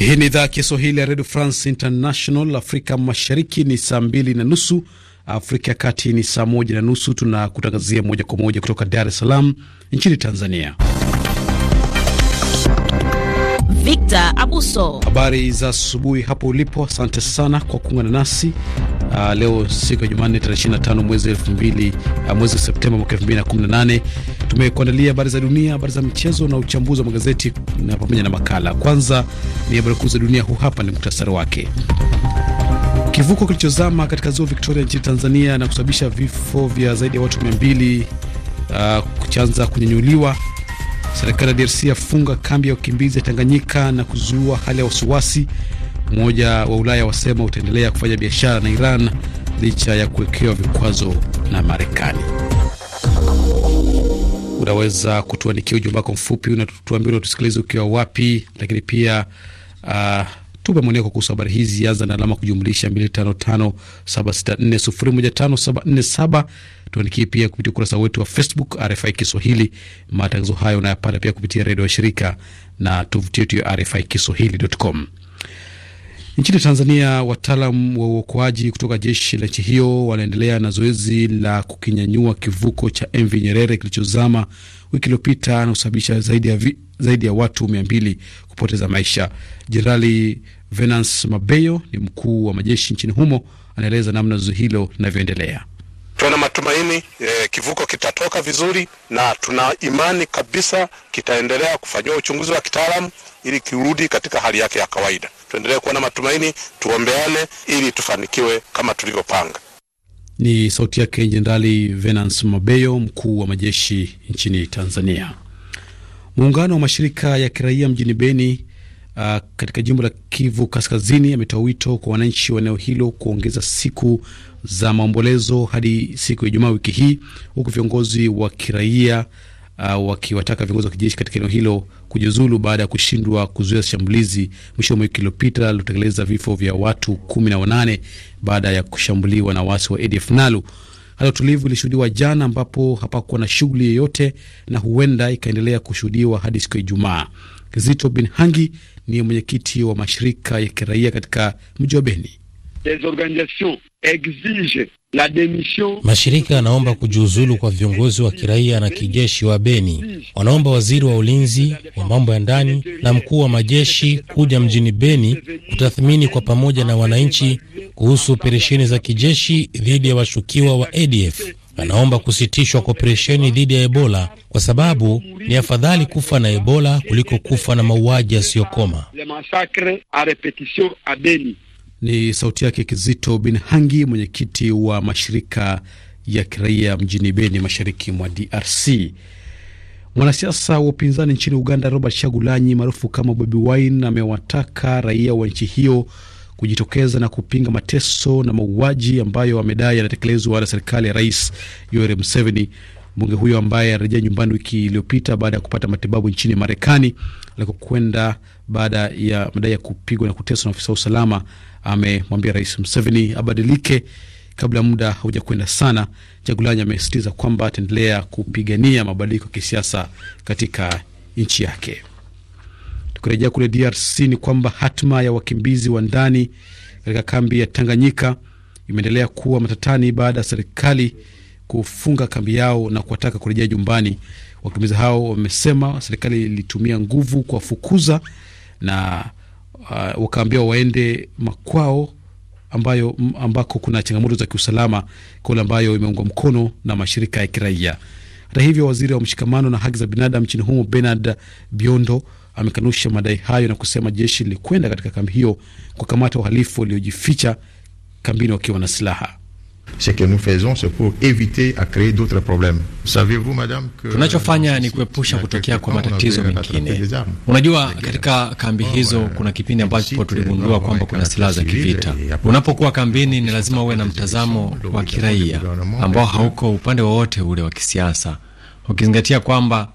Hii ni idhaa ya Kiswahili ya redio France International. Afrika Mashariki ni saa mbili na nusu, Afrika ya Kati ni saa moja na nusu. Tunakutangazia moja kwa moja kutoka Dar es Salaam nchini Tanzania. Victor Abuso. Habari za asubuhi hapo ulipo, asante sana kwa kuungana nasi uh, leo siku ya Jumanne tarehe 25 mwezi elfu mbili uh, mwezi Septemba mwaka 2018. Tumekuandalia habari za dunia, habari za michezo na uchambuzi wa magazeti na pamoja na makala. Kwanza ni habari kuu za dunia, huu hapa ni muktasari wake. Kivuko kilichozama katika ziwa Victoria nchini Tanzania na kusababisha vifo vya zaidi ya watu 200 uh, ah, kuchanza kunyanyuliwa Serikali ya DRC yafunga kambi ya wakimbizi ya Tanganyika na kuzua hali ya wasiwasi. Umoja wa Ulaya wasema utaendelea kufanya biashara na Iran licha ya kuwekewa vikwazo na Marekani. Unaweza kutuandikia ujumbe wako mfupi, unatuambia unatusikiliza ukiwa wapi, lakini pia uh, tupe maoni yako kuhusu habari hizi. Anza na alama kujumlisha 255 764 747 Tuandikie pia kupitia ukurasa wetu wa Facebook RFI Kiswahili. Matangazo hayo unayapata pia kupitia redio ya shirika na tovuti yetu ya RFI Kiswahili.com. Nchini Tanzania, wataalam wa uokoaji kutoka jeshi la nchi hiyo wanaendelea na zoezi la kukinyanyua kivuko cha MV Nyerere kilichozama wiki iliyopita na kusababisha zaidi ya, vi, zaidi ya watu mia mbili kupoteza maisha. Jenerali Venance Mabeyo ni mkuu wa majeshi nchini humo, anaeleza namna zoezi hilo linavyoendelea. Tuna matumaini e, kivuko kitatoka vizuri na tuna imani kabisa kitaendelea kufanyiwa uchunguzi wa kitaalamu ili kirudi katika hali yake ya kawaida. Tuendelee kuwa na matumaini, tuombeane ili tufanikiwe kama tulivyopanga. Ni sauti yake Jenerali Venance Mabeyo, mkuu wa majeshi nchini Tanzania. Muungano wa mashirika ya kiraia mjini Beni uh, katika jimbo la Kivu Kaskazini ametoa wito kwa wananchi wa eneo hilo kuongeza siku za maombolezo hadi siku ya Ijumaa wiki hii, huku viongozi wa kiraia uh, wakiwataka viongozi wa kijeshi katika eneo hilo kujiuzulu baada ya kushindwa kuzuia shambulizi mwisho wa wiki iliyopita lilotekeleza vifo vya watu kumi na wanane baada ya kushambuliwa na waasi wa ADF NALU. Hali utulivu ilishuhudiwa jana ambapo hapakuwa na shughuli yoyote na huenda ikaendelea kushuhudiwa hadi siku ya Ijumaa. Kizito Hangi ni mwenyekiti wa mashirika ya kiraia katika mji wa Beni des organisations exigent la démission. Mashirika yanaomba kujiuzulu kwa viongozi wa kiraia na kijeshi wa Beni. Wanaomba waziri wa ulinzi wa mambo ya ndani na mkuu wa majeshi kuja mjini Beni kutathmini kwa pamoja na wananchi kuhusu operesheni za kijeshi dhidi ya washukiwa wa ADF. Anaomba kusitishwa kwa operesheni dhidi ya Ebola kwa sababu ni afadhali kufa na Ebola kuliko kufa na mauaji yasiyokoma. Ni sauti yake Kizito Bin Hangi, mwenyekiti wa mashirika ya kiraia mjini Beni, mashariki mwa DRC. Mwanasiasa wa upinzani nchini Uganda, Robert Shagulanyi maarufu kama Bobi Wine, amewataka raia wa nchi hiyo kujitokeza na kupinga mateso na mauaji ambayo amedai yanatekelezwa na serikali ya Rais Yoweri Museveni. Mbunge huyo ambaye alirejea nyumbani wiki iliyopita baada ya kupata matibabu nchini Marekani alikokwenda baada ya madai ya kupigwa na kuteswa na afisa wa usalama amemwambia Rais Museveni abadilike kabla muda hauja kwenda sana. Jagulanyi amesisitiza kwamba ataendelea kupigania mabadiliko ya kisiasa katika nchi yake. Tukirejea kule DRC ni kwamba hatma ya wakimbizi wa ndani katika kambi ya Tanganyika imeendelea kuwa matatani baada ya serikali kufunga kambi yao na kuwataka kurejea nyumbani. Wakimbizi hao wamesema serikali ilitumia nguvu kuwafukuza na uh, wakaambiwa waende makwao ambayo ambako kuna changamoto za kiusalama, kauli ambayo imeungwa mkono na mashirika ya kiraia. Hata hivyo, waziri wa mshikamano na haki za binadamu nchini humo Bernard Biondo amekanusha madai hayo na kusema jeshi lilikwenda katika kambi hiyo kukamata wahalifu waliojificha kambini wakiwa na silaha. Ce que nous faisons c'est pour éviter à créer d'autres problèmes. Savez-vous madame que tunachofanya ni kuepusha kutokea kwa matatizo mengine. Unajua, katika kambi ah, hizo kuna kipindi ambacho tuligundua kwamba kuna silaha za kivita. Unapokuwa kambini, ni lazima uwe na mtazamo wa kiraia ambao hauko upande wowote ule wa kisiasa, ukizingatia kwamba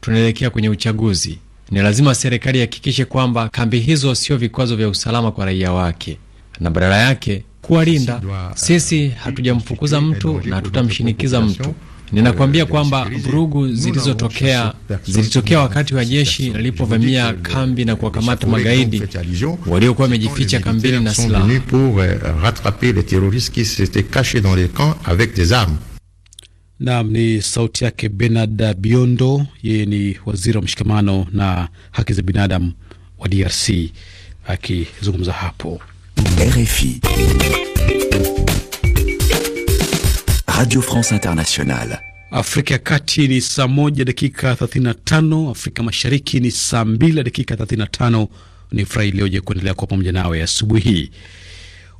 tunaelekea kwenye uchaguzi. Ni lazima serikali ihakikishe kwamba kambi hizo sio vikwazo vya usalama kwa raia wake, na badala yake kuwalinda. Sisi uh, hatujamfukuza mtu na hatutamshinikiza mtu. Ninakwambia kwamba vurugu zilizotokea zilitokea wakati wa jeshi lilipovamia uh, kambi na kuwakamata magaidi waliokuwa wamejificha kambini na silaha. Uh, Naam, ni sauti yake Benard Biondo, yeye ni waziri wa mshikamano na haki za binadamu wa DRC akizungumza hapo. RFI. Radio France Internationale. Afrika ya Kati ni saa moja dakika 35, Afrika Mashariki ni saa mbili dakika 35. Ni furahi ilioje kuendelea kwa pamoja nawe asubuhi hii.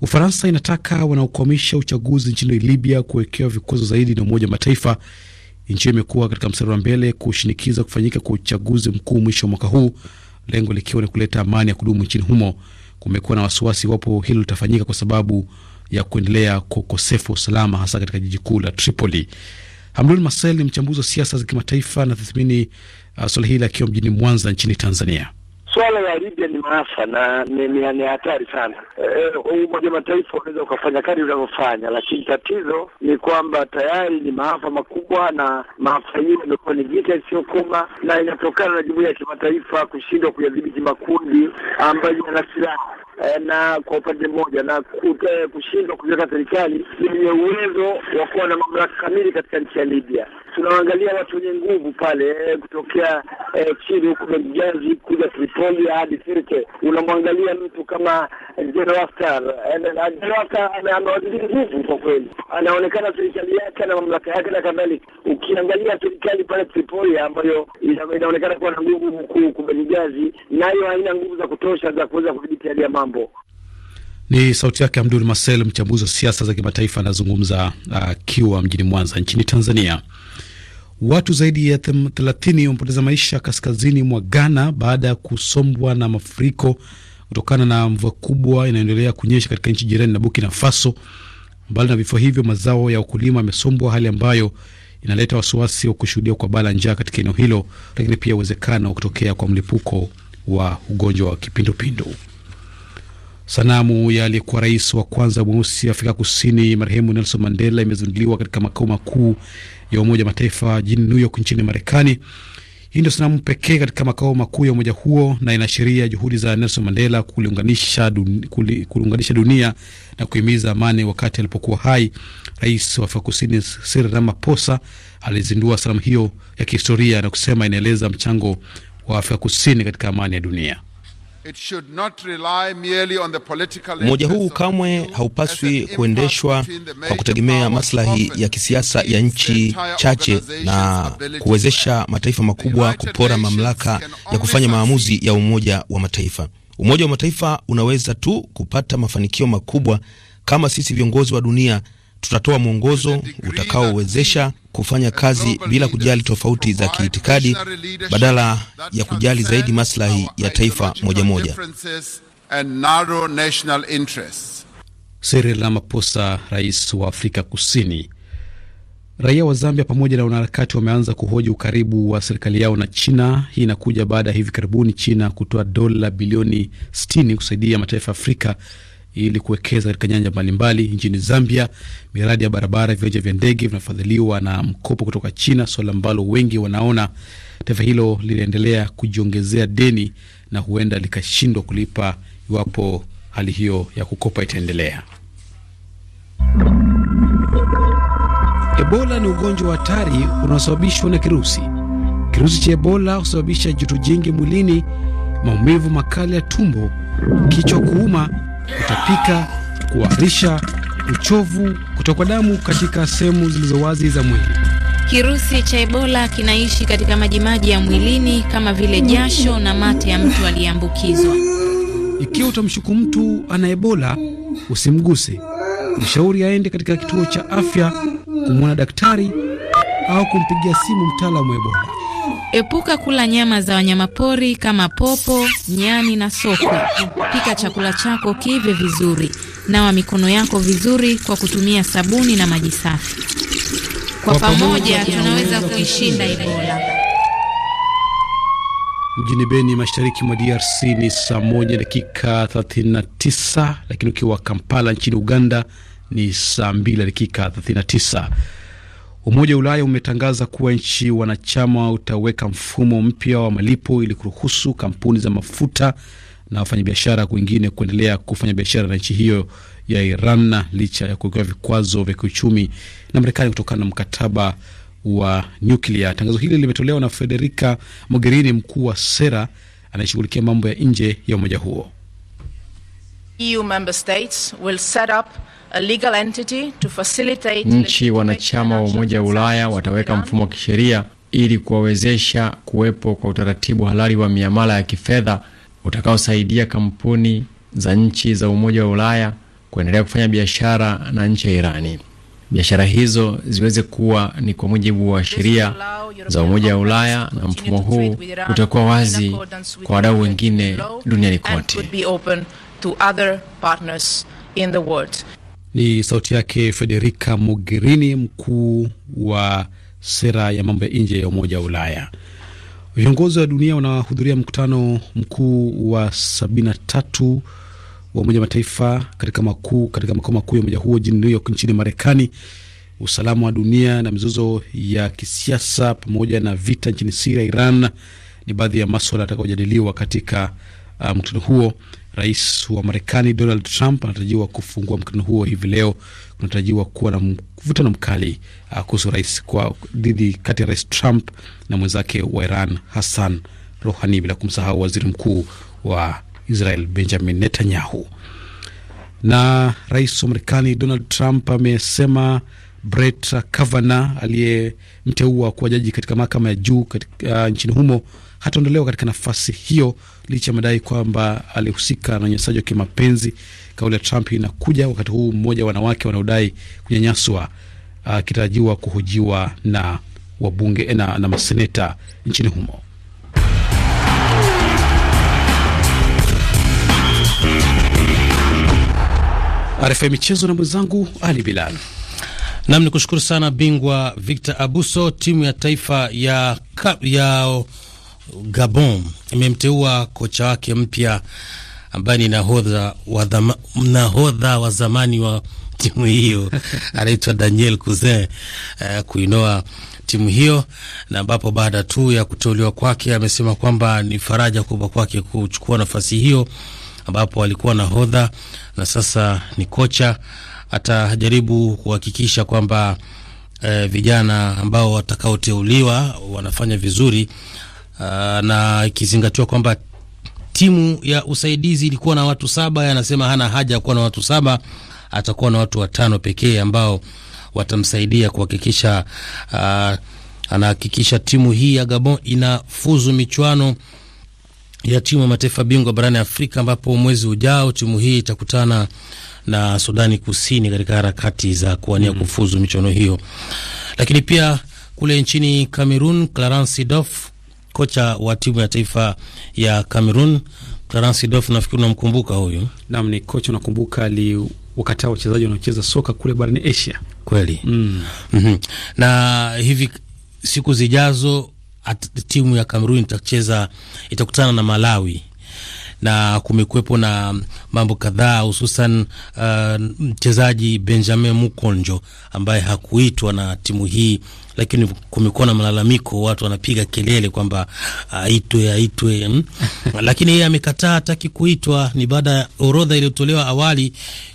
Ufaransa inataka wanaokwamisha uchaguzi nchini Libya kuwekewa vikwazo zaidi na Umoja wa Mataifa. Nchi hiyo imekuwa katika mstari wa mbele kushinikiza kufanyika kwa uchaguzi mkuu mwisho wa mwaka huu, lengo likiwa ni kuleta amani ya kudumu nchini humo kumekuwa na wasiwasi iwapo hilo litafanyika kwa sababu ya kuendelea kwa ukosefu wa usalama hasa katika jiji kuu la Tripoli. Hamdul Masel ni mchambuzi wa siasa za kimataifa na tathmini uh, suala hili akiwa mjini Mwanza nchini Tanzania. Swala ya Libya ni maafa na ni hatari sana. E, Umoja wa Mataifa unaweza ukafanya kadri unavyofanya, lakini tatizo ni kwamba tayari ni maafa makubwa, na maafa hiyo imekuwa ni vita isiyokoma na inatokana na jumuiya ya kimataifa kushindwa kuyadhibiti makundi ambayo yana silaha eh, na kwa upande mmoja na kushindwa kuweka serikali yenye uwezo wa kuwa na mamlaka kamili katika nchi ya Libya tunaangalia watu wenye nguvu pale eh, kutokea eh, chini huko Mjazi kuja Tripoli hadi Sirte, unamwangalia mtu kama eh, General Haftar. Eh, General nguvu kwa kweli, anaonekana serikali yake na mamlaka yake na kadhalika. Ukiangalia serikali pale Tripoli ambayo inaonekana kuwa na nguvu mkuu kubenijazi, nayo haina nguvu za kutosha za kuweza kudhibiti hali ya mambo. Ni sauti yake Abdul Marcel, mchambuzi wa siasa za kimataifa, anazungumza ah, akiwa uh, mjini Mwanza nchini Tanzania. Watu zaidi ya 30 wamepoteza maisha kaskazini mwa Ghana baada ya kusombwa na mafuriko kutokana na mvua kubwa inayoendelea kunyesha katika nchi jirani na Burkina Faso. Mbali na vifo hivyo, mazao ya wakulima yamesombwa, hali ambayo inaleta wasiwasi wa kushuhudia kwa baa la njaa katika eneo hilo, lakini pia uwezekano wa kutokea kwa mlipuko wa ugonjwa wa kipindupindu. Sanamu ya aliyekuwa rais wa kwanza mweusi Afrika Kusini marehemu Nelson Mandela imezinduliwa katika makao makuu ya Umoja Mataifa jijini New York nchini Marekani. Hii ndio sanamu pekee katika makao makuu ya umoja huo na inaashiria juhudi za Nelson Mandela kuliunganisha dunia, kuliunganisha dunia na kuhimiza amani. Wakati alipokuwa hai, rais wa Afrika Kusini Cyril Ramaphosa alizindua sanamu hiyo ya kihistoria na kusema inaeleza mchango wa Afrika Kusini katika amani ya dunia. Umoja huu kamwe haupaswi kuendeshwa kwa kutegemea maslahi ya kisiasa ya nchi chache na kuwezesha mataifa makubwa kupora mamlaka ya kufanya maamuzi ya Umoja wa Mataifa. Umoja wa Mataifa unaweza tu kupata mafanikio makubwa kama sisi viongozi wa dunia tutatoa mwongozo utakaowezesha kufanya kazi bila kujali tofauti za kiitikadi badala ya kujali zaidi maslahi ya taifa moja moja. Cyril Ramaphosa, rais wa Afrika Kusini. Raia wa Zambia pamoja na wanaharakati wameanza kuhoji ukaribu wa serikali yao na China. Hii inakuja baada ya hivi karibuni China kutoa dola bilioni 60 kusaidia mataifa ya Afrika ili kuwekeza katika nyanja mbalimbali nchini Zambia. Miradi ya barabara, viwanja vya ndege vinafadhiliwa na mkopo kutoka China, suala ambalo wengi wanaona taifa hilo linaendelea kujiongezea deni na huenda likashindwa kulipa iwapo hali hiyo ya kukopa itaendelea. Ebola ni ugonjwa wa hatari unaosababishwa na kirusi. Kirusi cha Ebola husababisha joto jingi mwilini, maumivu makali ya tumbo, kichwa kuuma kutapika, kuharisha, uchovu, kutokwa damu katika sehemu zilizo wazi za mwili. Kirusi cha Ebola kinaishi katika majimaji ya mwilini kama vile jasho na mate ya mtu aliyeambukizwa. Ikiwa utamshuku mtu ana Ebola, usimguse. Mshauri aende katika kituo cha afya kumwona daktari au kumpigia simu mtaalamu wa Ebola. Epuka kula nyama za wanyamapori kama popo, nyani na sokwe. Pika chakula chako kiive vizuri. Nawa mikono yako vizuri kwa kutumia sabuni na maji safi. Kwa pamoja tunaweza kuishinda Ebola. Mjini Beni, mashariki mwa DRC ni saa moja dakika 39, lakini ukiwa Kampala nchini Uganda ni saa 2 dakika 39. Umoja wa Ulaya umetangaza kuwa nchi wanachama utaweka mfumo mpya wa malipo ili kuruhusu kampuni za mafuta na wafanyabiashara wengine kuendelea kufanya biashara na nchi hiyo ya Iran licha ya kuwekewa vikwazo vya kiuchumi na Marekani kutokana na mkataba wa nyuklia. Tangazo hili limetolewa na Federica Mogherini, mkuu wa sera anayeshughulikia mambo ya nje ya umoja huo. EU member states will set up a legal entity to facilitate nchi wanachama wa Umoja wa Ulaya wataweka mfumo wa kisheria ili kuwawezesha kuwepo kwa utaratibu halali wa miamala ya kifedha utakaosaidia kampuni za nchi za Umoja wa Ulaya kuendelea kufanya biashara na nchi ya Irani. Biashara hizo ziweze kuwa ni kwa mujibu wa sheria za Umoja wa Ulaya, na mfumo huu utakuwa wazi kwa wadau wengine duniani kote to other partners in the world. Ni sauti yake Federica Mogherini, mkuu wa sera ya mambo ya nje ya Umoja wa Ulaya. Viongozi wa dunia wanahudhuria mkutano mkuu wa 73 wa Umoja Mataifa katika makuu katika makao makuu ya umoja huo jijini New York nchini Marekani. Usalama wa dunia na mizozo ya kisiasa pamoja na vita nchini Siria, Iran ni baadhi ya maswala yatakayojadiliwa katika uh, mkutano huo. Rais wa Marekani Donald Trump anatarajiwa kufungua mkutano huo hivi leo. Kunatarajiwa kuwa na mvutano mkali uh, kuhusu rais kwa dhidi kati ya Rais Trump na mwenzake wa Iran Hassan Rohani, bila kumsahau waziri mkuu wa Israel Benjamin Netanyahu. Na rais wa Marekani Donald Trump amesema Brett Kavanaugh aliyemteua kuwa jaji katika mahakama ya juu katika, uh, nchini humo hataondolewa katika nafasi hiyo licha ya madai kwamba alihusika na unyanyasaji wa kimapenzi. Kauli ya Trump inakuja wakati huu mmoja wa wanawake wanaodai kunyanyaswa uh, akitarajiwa kuhojiwa na wabunge eh, na, na maseneta nchini humo. RFI michezo na mwenzangu Ali Bilal. Nam ni kushukuru sana bingwa Victor Abuso. Timu ya taifa ya, ya Gabon imemteua kocha wake mpya ambaye ni nahodha wa, dhama, nahodha wa zamani wa timu hiyo anaitwa Daniel Cousin uh, kuinoa timu hiyo na ambapo baada tu ya kuteuliwa kwake amesema kwamba ni faraja kubwa kwake kuchukua nafasi hiyo, ambapo alikuwa nahodha na sasa ni kocha. Atajaribu kuhakikisha kwamba eh, vijana ambao watakaoteuliwa wanafanya vizuri uh, na ikizingatiwa kwamba timu ya usaidizi ilikuwa na watu saba, anasema hana haja ya kuwa na watu saba, atakuwa na watu watano pekee ambao watamsaidia kuhakikisha uh, anahakikisha timu hii ya Gabon inafuzu michuano ya timu ya mataifa bingwa barani Afrika, ambapo mwezi ujao timu hii itakutana na Sudani Kusini katika harakati za kuwania mm -hmm. kufuzu michuano hiyo. Lakini pia kule nchini Cameroon, Clarence Seedorf kocha wa timu ya taifa ya Cameroon Clarence Seedorf, nafikiri unamkumbuka huyu. Naam, ni kocha unakumbuka, aliwakataa wachezaji wanaocheza soka kule barani Asia kweli. mm. Mm -hmm. na hivi siku zijazo at, timu ya Cameroon itacheza itakutana na Malawi na kumekuwepo na mambo kadhaa hususan uh, mchezaji uh, Benjamin Mukonjo ambaye hakuitwa na timu hii lakini kumekuwa na malalamiko, watu wanapiga kelele kwamba ah, aitwe, aitwe, hmm? lakini yeye amekataa, hataki kuitwa. Ni baada ya orodha iliyotolewa awali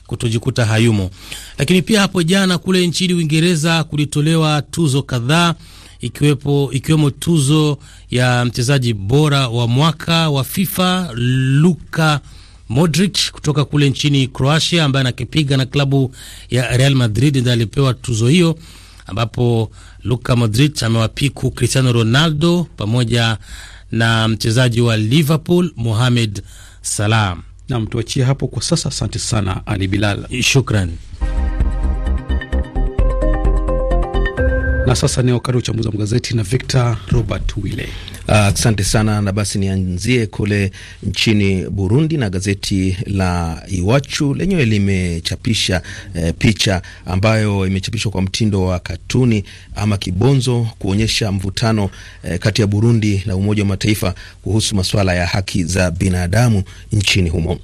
kutojikuta hayumo. Lakini pia hapo jana kule nchini Uingereza kulitolewa tuzo kadhaa ikiwepo ikiwemo tuzo ya mchezaji bora wa mwaka wa FIFA Luka Modric kutoka kule nchini Croatia ambaye anakipiga na klabu ya Real Madrid ndiye alipewa tuzo hiyo ambapo Luka Modric amewapiku Cristiano Ronaldo pamoja na mchezaji wa Liverpool Mohamed Salah. Nam, tuachie hapo kwa sasa. Asante sana Ali Bilal, shukran. Na sasa ni wakati wa uchambuzi wa magazeti na Victor Robert Wile. Ah, asante uh, sana na basi nianzie kule nchini Burundi na gazeti la Iwachu lenyewe limechapisha eh, picha ambayo imechapishwa kwa mtindo wa katuni ama kibonzo kuonyesha mvutano eh, kati ya Burundi na Umoja wa Mataifa kuhusu masuala ya haki za binadamu nchini humo.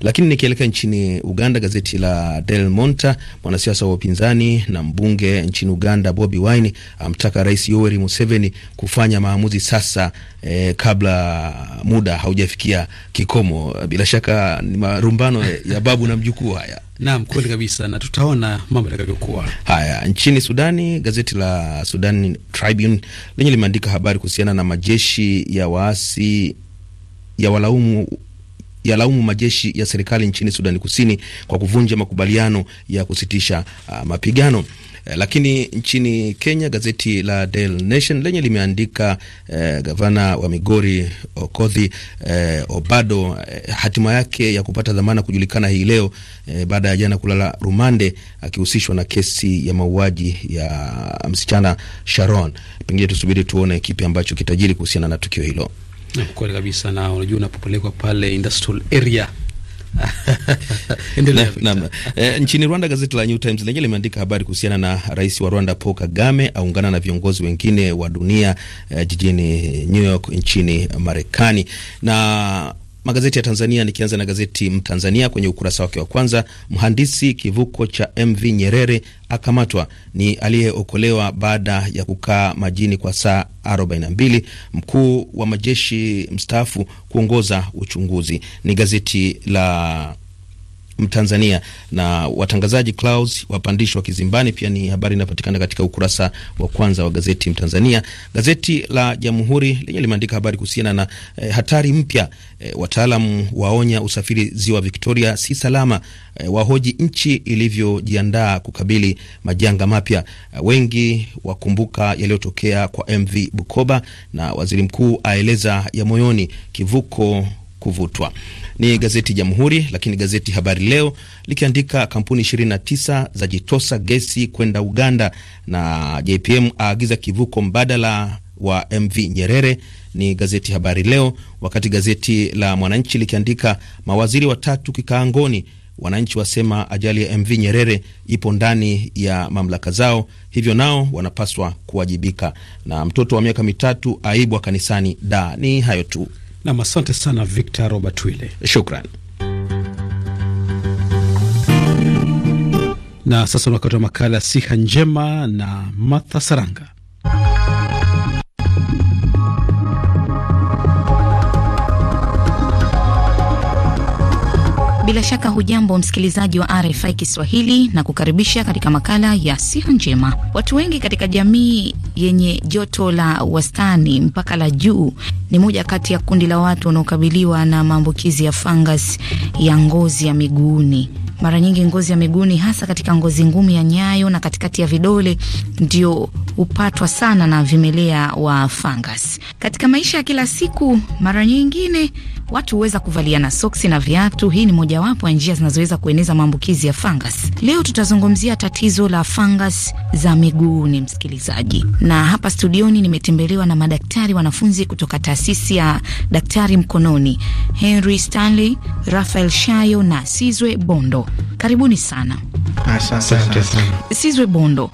Lakini nikielekea nchini Uganda, gazeti la Del Monta, mwanasiasa wa upinzani na mbunge nchini Uganda Bobi Wine amtaka Rais Yoweri Museveni kufanya maamuzi sasa eh, kabla muda haujafikia kikomo. Bila shaka ni marumbano ya babu na mjukuu haya. Naam, kweli kabisa, na tutaona mambo yatakavyokuwa. Haya, nchini Sudani, gazeti la Sudan Tribune lenye limeandika habari kuhusiana na majeshi ya waasi ya walaumu yalaumu majeshi ya serikali nchini Sudani Kusini kwa kuvunja makubaliano ya kusitisha uh, mapigano. Eh, lakini nchini Kenya gazeti la Daily Nation lenye limeandika eh, gavana wa Migori Okodhi eh, Obado eh, hatima yake ya kupata dhamana kujulikana hii leo eh, baada ya jana kulala rumande akihusishwa na kesi ya mauaji ya msichana Sharon. Pengine tusubiri tuone kipi ambacho kitajiri kuhusiana na tukio hilo. Kweli kabisa, na unajua unapopelekwa pale industrial area na, na, e, nchini Rwanda gazeti la New Times lenyewe limeandika habari kuhusiana na rais wa Rwanda Paul Kagame aungana na viongozi wengine wa dunia e, jijini New York nchini Marekani na magazeti ya Tanzania, nikianza na gazeti Mtanzania kwenye ukurasa wake wa kwanza, mhandisi kivuko cha MV Nyerere akamatwa, ni aliyeokolewa baada ya kukaa majini kwa saa 42. Mkuu wa majeshi mstaafu kuongoza uchunguzi, ni gazeti la Mtanzania na watangazaji Clouds wapandishwa kizimbani. Pia ni habari inapatikana katika ukurasa wa kwanza wa gazeti Mtanzania. Gazeti la Jamhuri lenye limeandika habari kuhusiana na eh, hatari mpya eh, wataalam waonya usafiri ziwa Victoria si salama eh, wahoji nchi ilivyojiandaa kukabili majanga mapya eh, wengi wakumbuka yaliyotokea kwa MV Bukoba na waziri mkuu aeleza ya moyoni kivuko kuvutwa ni gazeti Jamhuri, lakini gazeti Habari Leo likiandika kampuni 29 za jitosa gesi kwenda Uganda na JPM aagiza kivuko mbadala wa MV Nyerere ni gazeti Habari Leo, wakati gazeti la Mwananchi likiandika mawaziri watatu kikaangoni, wananchi wasema ajali ya MV Nyerere ipo ndani ya mamlaka zao, hivyo nao wanapaswa kuwajibika, na mtoto wa miaka mitatu aibwa kanisani. Da, ni hayo tu. Nam, asante sana Victor Robert Wile, shukran. Na sasa ni wakati wa makala Siha Njema na Martha Saranga. Bila shaka hujambo msikilizaji wa RFI Kiswahili na kukaribisha katika makala ya siha njema. Watu wengi katika jamii yenye joto la wastani mpaka la juu ni moja kati ya kundi la watu wanaokabiliwa na maambukizi ya fungus ya ngozi ya miguuni. Mara nyingi ngozi ya miguuni, hasa katika ngozi ngumu ya nyayo na katikati ya vidole, ndio hupatwa sana na vimelea wa fungus. Katika maisha ya kila siku, mara nyingine watu huweza kuvaliana soksi na viatu. Hii ni mojawapo ya njia zinazoweza kueneza maambukizi ya fangas. Leo tutazungumzia tatizo la fangas za miguuni, msikilizaji, na hapa studioni nimetembelewa na madaktari wanafunzi kutoka taasisi ya Daktari Mkononi, Henry Stanley, Rafael Shayo na Sizwe Bondo. Karibuni sana. Asante sana. Sizwe Bondo,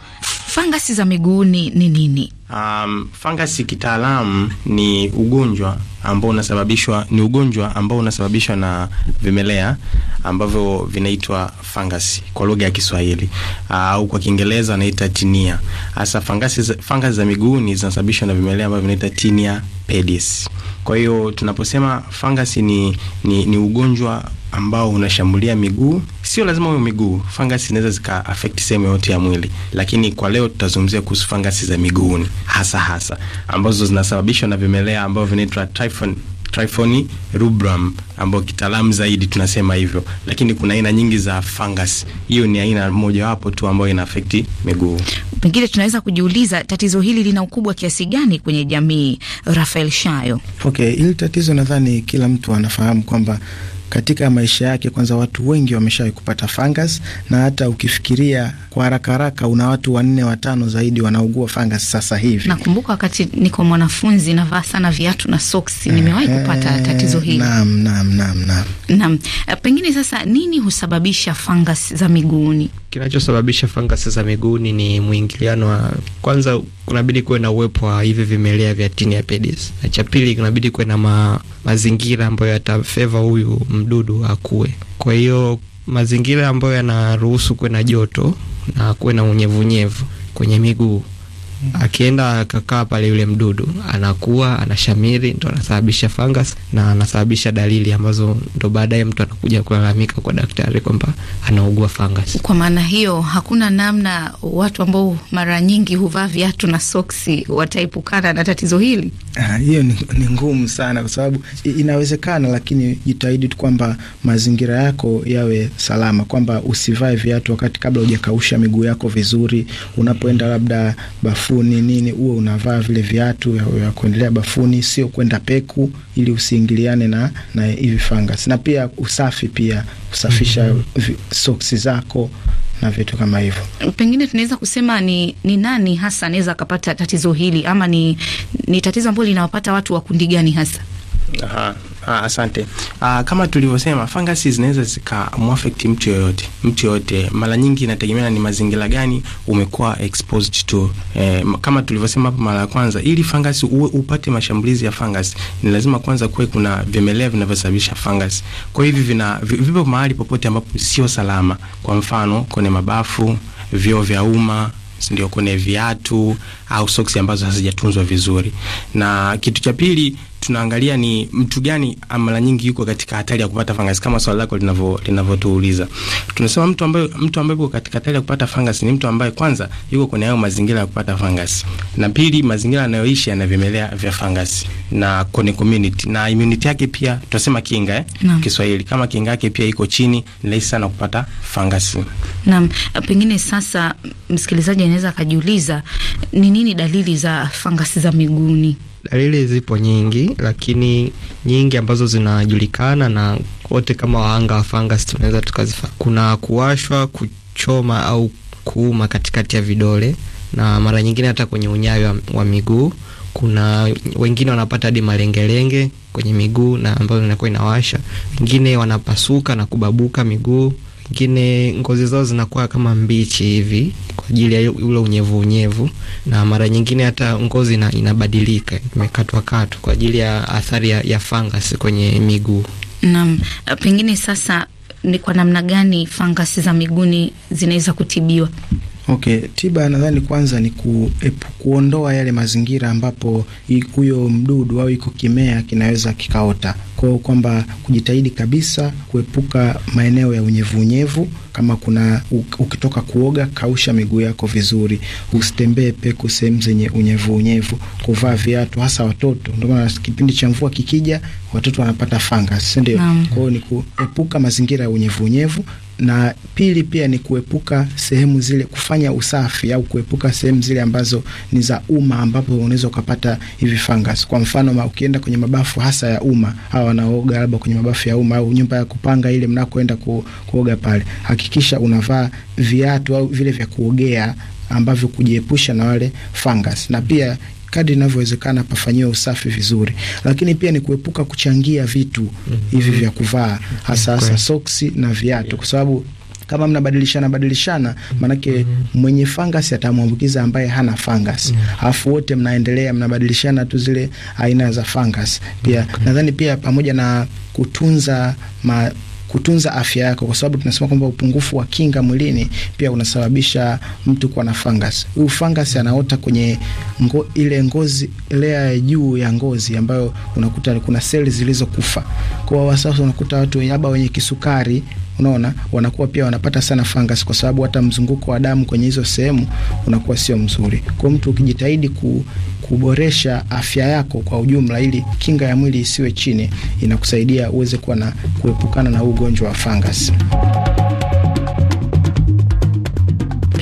Fangasi za miguuni ni nini? Um, fangasi kitaalamu ni ugonjwa ambao unasababishwa ni ugonjwa ambao unasababishwa na vimelea ambavyo vinaitwa fangasi kwa lugha ya Kiswahili uh, au uh, kwa Kiingereza anaita tinia. Hasa fangasi fangasi za miguuni zinasababishwa na vimelea ambavyo vinaitwa tinia pedis. Kwa hiyo tunaposema fangasi ni, ni, ni ugonjwa ambao unashambulia miguu sio lazima uwe miguu, fangasi zinaweza zika affect sehemu yote ya mwili, lakini kwa leo tutazungumzia kuhusu fangasi za miguuni hasa hasa ambazo zinasababishwa na vimelea ambavyo vinaitwa typhon Typhon rubrum ambao kitaalamu zaidi tunasema hivyo, lakini kuna aina nyingi za fungus. Hiyo ni aina moja wapo tu ambayo ina affect miguu. Pengine tunaweza kujiuliza tatizo hili lina ukubwa kiasi gani kwenye jamii, Rafael Shayo? Okay, hili tatizo nadhani kila mtu anafahamu kwamba katika maisha yake. Kwanza watu wengi wameshawahi kupata fangas, na hata ukifikiria kwa haraka haraka una watu wanne watano zaidi wanaugua fangas sasa hivi. Nakumbuka wakati niko mwanafunzi navaa sana viatu na soksi, nimewahi kupata tatizo hili. Naam, naam, naam, naam. Naam, pengine sasa nini husababisha fangas za miguuni? kinachosababisha fangasi za miguuni ni mwingiliano wa kwanza, kunabidi kuwe na uwepo wa hivi vimelea vya ya pedis, na cha pili kunabidi kuwe na ma, mazingira ambayo yatafeva huyu mdudu akue. Kwa hiyo mazingira ambayo yanaruhusu kuwe na joto na kuwe na unyevunyevu kwenye miguu Akienda akakaa pale, yule mdudu anakuwa anashamiri, ndo anasababisha fungus na anasababisha dalili ambazo ndo baadaye mtu anakuja kulalamika kwa daktari kwamba anaugua fungus. Kwa maana hiyo, hakuna namna watu ambao mara nyingi huvaa viatu na soksi wataepukana na tatizo hili. Ah, hiyo ni, ni ngumu sana kwa sababu inawezekana, lakini jitahidi tu kwamba mazingira yako yawe salama, kwamba usivae viatu wakati kabla hujakausha miguu yako vizuri, unapoenda labda bafu bafuni nini, uwe unavaa vile viatu vya, kuendelea bafuni, sio kwenda peku, ili usiingiliane na na hivi fungus, na pia usafi, pia kusafisha mm -hmm. soksi zako na vitu kama hivyo. Pengine tunaweza kusema ni, ni nani hasa anaweza akapata tatizo hili ama ni, ni tatizo ambalo linawapata watu wa kundi gani hasa? Aha. Ah, asante. Ah, kama tulivyosema fangasi zinaweza zikamwaffect mtu yoyote, mtu yoyote. Mara nyingi inategemea ni mazingira gani umekuwa exposed to. Eh, kama tulivyosema hapo mara ya kwanza, ili fangasi uwe upate mashambulizi ya fangasi ni lazima kwanza kuwe kuna vimelea vinavyosababisha fangasi. Kwa hivyo vina vipo mahali popote ambapo sio salama, kwa mfano kwenye mabafu, vyoo vya umma ndio kwenye viatu au soksi ambazo hazijatunzwa vizuri. Na kitu cha pili tunaangalia ni mtu gani ah, mara nyingi yuko katika hatari ya kupata fangasi, kama swali lako linavyo linavyotuuliza. Tunasema mtu ambaye mtu ambaye yuko katika hatari ya kupata fangasi ni mtu ambaye kwanza yuko kwenye hayo mazingira ya kupata fangasi, na pili, mazingira anayoishi yana vimelea vya fangasi na kwenye community, na immunity yake pia tunasema kinga eh, no. Kiswahili kama kinga yake pia iko chini, ni rahisi sana kupata fangasi. Naam, pengine sasa msikilizaji anaweza akajiuliza ni nini dalili za fangasi za miguuni? Dalili zipo nyingi, lakini nyingi ambazo zinajulikana na wote kama wahanga wa fangasi tunaweza tukazifa. Kuna kuwashwa, kuchoma au kuuma katikati ya vidole na mara nyingine hata kwenye unyayo wa, wa miguu. Kuna wengine wanapata hadi malengelenge kwenye miguu na ambayo inakuwa inawasha, wengine wanapasuka na kubabuka miguu wengine ngozi zao zinakuwa kama mbichi hivi kwa ajili ya ule unyevu unyevu, na mara nyingine hata ngozi ina, inabadilika imekatwa katwa kwa ajili ya athari ya, ya fungus kwenye miguu. Naam, eh, pengine sasa ni kwa namna gani fungus za miguuni zinaweza kutibiwa? Okay, tiba nadhani kwanza ni ku, epu, eh, kuondoa yale mazingira ambapo huyo mdudu au iko kimea kinaweza kikaota kwa kwamba kujitahidi kabisa kuepuka maeneo ya unyevuunyevu Kama kuna ukitoka kuoga, kausha miguu yako vizuri, usitembee peku sehemu zenye unyevu kuvaa viatu, hasa watoto. Ndio maana kipindi cha mvua kikija, watoto wanapata fangasi, si ndio? ni kuepuka mazingira ya unyevuunyevu na pili pia ni kuepuka sehemu zile, kufanya usafi au kuepuka sehemu zile ambazo ni za umma, ambapo unaweza ukapata hivi fungus. Kwa mfano, ukienda kwenye mabafu hasa ya umma, hawa wanaoga labda kwenye mabafu ya umma au nyumba ya kupanga ile mnakoenda ku, kuoga pale, hakikisha unavaa viatu au vile vya kuogea ambavyo kujiepusha na wale fungus na pia kadri inavyowezekana pafanyiwe usafi vizuri, lakini pia ni kuepuka kuchangia vitu mm hivi -hmm. vya kuvaa hasa hasa soksi na viatu kwa sababu kama mnabadilishana badilishana, maanake mhm. mwenye fangas atamwambukiza ambaye hana fangasi, alafu wote mnaendelea mnabadilishana tu zile aina za fangas Pia nadhani pia pamoja na kutunza ma kutunza afya yako, kwa sababu tunasema kwamba upungufu wa kinga mwilini pia unasababisha mtu kuwa na fungus. Huyu fungus anaota kwenye ngo, ile ngozi lea ya juu ya ngozi ambayo unakuta kuna seli zilizokufa. Kwa wasasa unakuta watu labda wenye kisukari unaona, wanakuwa pia wanapata sana fungus, kwa sababu hata mzunguko wa damu kwenye hizo sehemu unakuwa sio mzuri. Kwa mtu ukijitahidi ku, kuboresha afya yako kwa ujumla, ili kinga ya mwili isiwe chini, inakusaidia uweze kuwa na kuepukana na ugonjwa wa fungus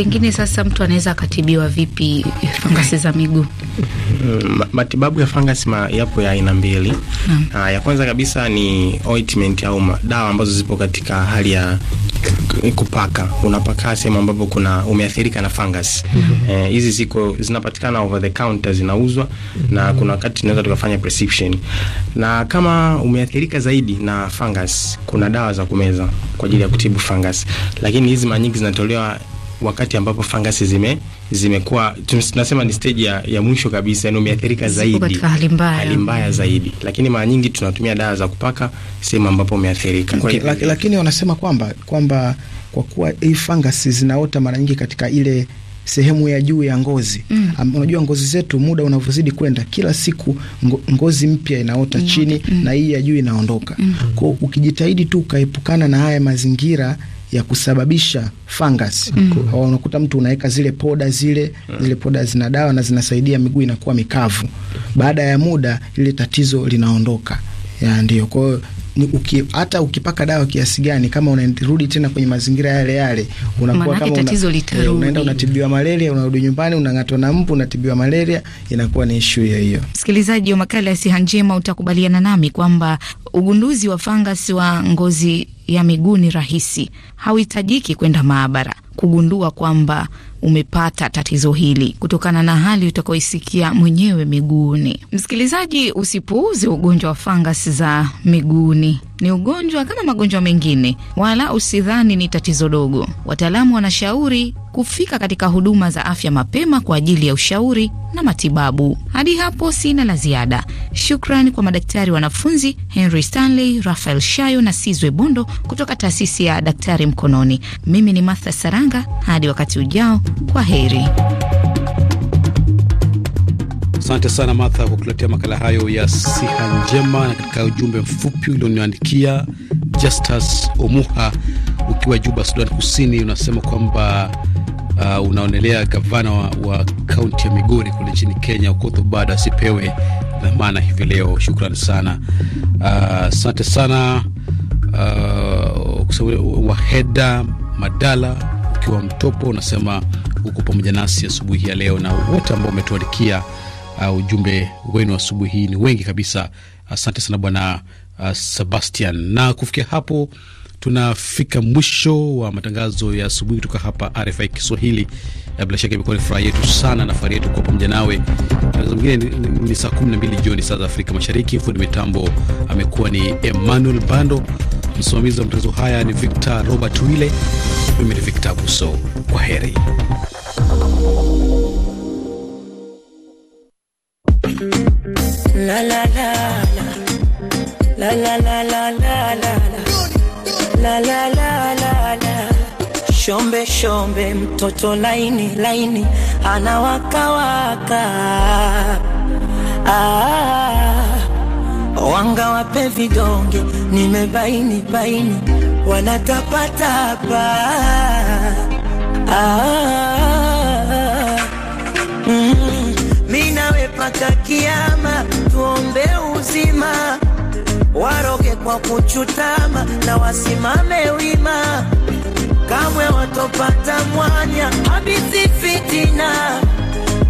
pengine sasa mtu anaweza akatibiwa vipi fangasi za miguu? Mm, matibabu ya fangasi ma, yapo ya aina mbili. Aa, ah, ya kwanza kabisa ni ointment au dawa ambazo zipo katika hali ya kupaka unapaka sehemu ambapo kuna umeathirika na fungus. Eh, hizi eh, ziko zinapatikana over the counter zinauzwa, na mm-hmm. kuna wakati tunaweza tukafanya prescription, na kama umeathirika zaidi na fungus, kuna dawa za kumeza kwa ajili ya kutibu fungus, lakini hizi mara nyingi zinatolewa wakati ambapo fangasi zime zimekuwa tunasema ni stage ya, ya mwisho kabisa, yani umeathirika zaidi, hali mbaya mm. zaidi, lakini mara nyingi tunatumia dawa za kupaka sehemu ambapo umeathirika. Laki, lakini wanasema kwamba kwamba kwa kuwa hii fangasi zinaota mara nyingi katika ile sehemu ya juu ya ngozi mm. unajua ngozi zetu muda unavyozidi kwenda kila siku ngo, ngozi mpya inaota mm. chini mm. na hii ya juu inaondoka mm. Kwa ukijitahidi tu ukaepukana na haya mazingira ya kusababisha fungus. Mm-hmm. Unakuta mtu unaweka zile poda zile, zile poda zina dawa na zinasaidia miguu inakuwa mikavu. Baada ya muda ile tatizo linaondoka. Ya, ndio. Kwa hiyo ni uki, hata ukipaka dawa kiasi gani, kama unarudi tena kwenye mazingira yale yale, unakuwa kama una, eh, unaenda unatibiwa malaria, unarudi nyumbani unang'atwa na mbu, unatibiwa malaria, inakuwa ni ishu hiyo hiyo. Msikilizaji wa makala ya siha njema, utakubaliana nami kwamba ugunduzi wa fangasi wa ngozi ya miguu ni rahisi, hauhitajiki kwenda maabara kugundua kwamba umepata tatizo hili, kutokana na hali utakaoisikia mwenyewe miguuni. Msikilizaji, usipuuze ugonjwa wa fangasi za miguuni. Ni ugonjwa kama magonjwa mengine, wala usidhani ni tatizo dogo. Wataalamu wanashauri kufika katika huduma za afya mapema kwa ajili ya ushauri na matibabu. Hadi hapo sina la ziada. Shukrani kwa madaktari wanafunzi Henry Stanley, Rafael Shayo na Sizwe Bondo kutoka taasisi ya Daktari Mkononi. Mimi ni Martha Saranga, hadi wakati ujao, kwa heri. Asante sana Martha kwa kuletea makala hayo ya siha njema. Na katika ujumbe mfupi ulioniandikia Justus Omuha ukiwa Juba, Sudan Kusini, unasema kwamba uh, unaonelea gavana wa, wa kaunti ya Migori kule nchini Kenya, Okoth Obada asipewe dhamana hivi leo. shukran sana, asante uh, sana uh, uh Waheda Madala ukiwa Mtopo, unasema huko pamoja nasi asubuhi ya leo na wote ambao umetuandikia uh, ujumbe wenu asubuhi hii ni wengi kabisa. Asante uh, sana bwana uh, Sebastian, na kufikia hapo tunafika mwisho wa matangazo ya asubuhi kutoka hapa RFI Kiswahili. Bila shaka imekuwa ni furaha yetu sana na fahari yetu kuwa pamoja nawe. Matangazo mengine ni, ni, ni saa 12 jioni saa za Afrika Mashariki. Fundi mitambo amekuwa ni Emmanuel Bando, msimamizi wa matangazo haya ni Victor Robert Wile. Mimi ni Victor Buso, kwa heri. La, la, la, la. La, la, la, la, la, la la la la la la shombe shombe, mtoto laini laini, anawakawaka ah, wanga wape vidonge, nimebaini baini, wanatapatapa ah, mm, minawe paka kiama, tuombe uzima waroge kwa kuchutama na wasimame wima, kamwe watopata mwanya habisi fitina,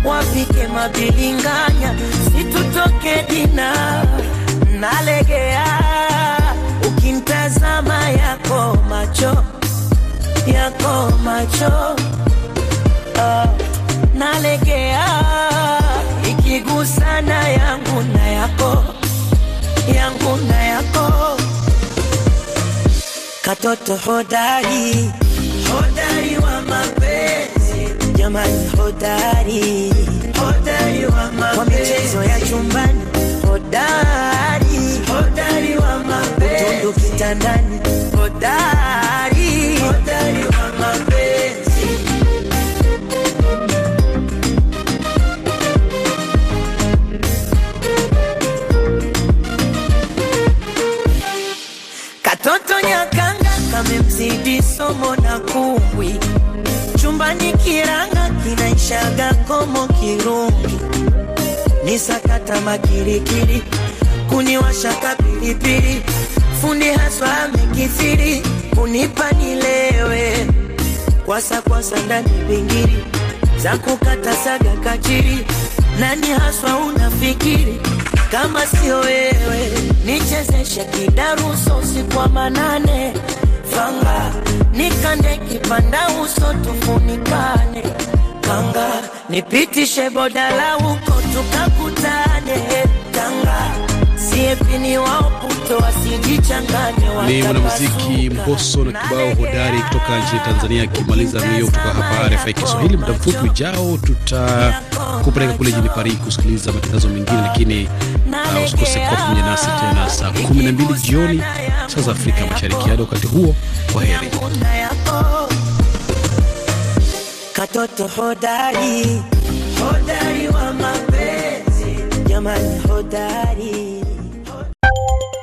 wapike mabilinganya, situtoke dina nalegea ukintazama yako macho yako macho watoto hodari, hodari wa mapenzi jamani, hodari, hodari wa mapenzi kwa michezo ya chumbani, hodari, hodari wa mapenzi utundu kitandani, hodari, hodari kiranga kinaishaga komo kirungi nisakata makirikiri kuniwashaka pilipili fundi haswa amekithiri kunipa nilewe kwasa kwasa ndani bingiri za kukata saga kachiri nani haswa unafikiri kama sio wewe nichezeshe kidaruso usiku kwa manane vanga, nikande kipanda uso tufunikane, kanga nipitishe bodala uko tukakutane, tanga siepini wao ni mwanamuziki Mbosso na kibao hodari kutoka nchini Tanzania, akimaliza mio kutoka hapa RFI Kiswahili. Muda mfupi ujao, tutakupeleka kule jini Paris kusikiliza matangazo mengine, lakini uh, usikose kuwa pamoja nasi tena saa mbili jioni saa za Afrika Mashariki. Hadi wakati huo, kwa heri. Katoto hodari, hodari wa mapenzi, jamani hodari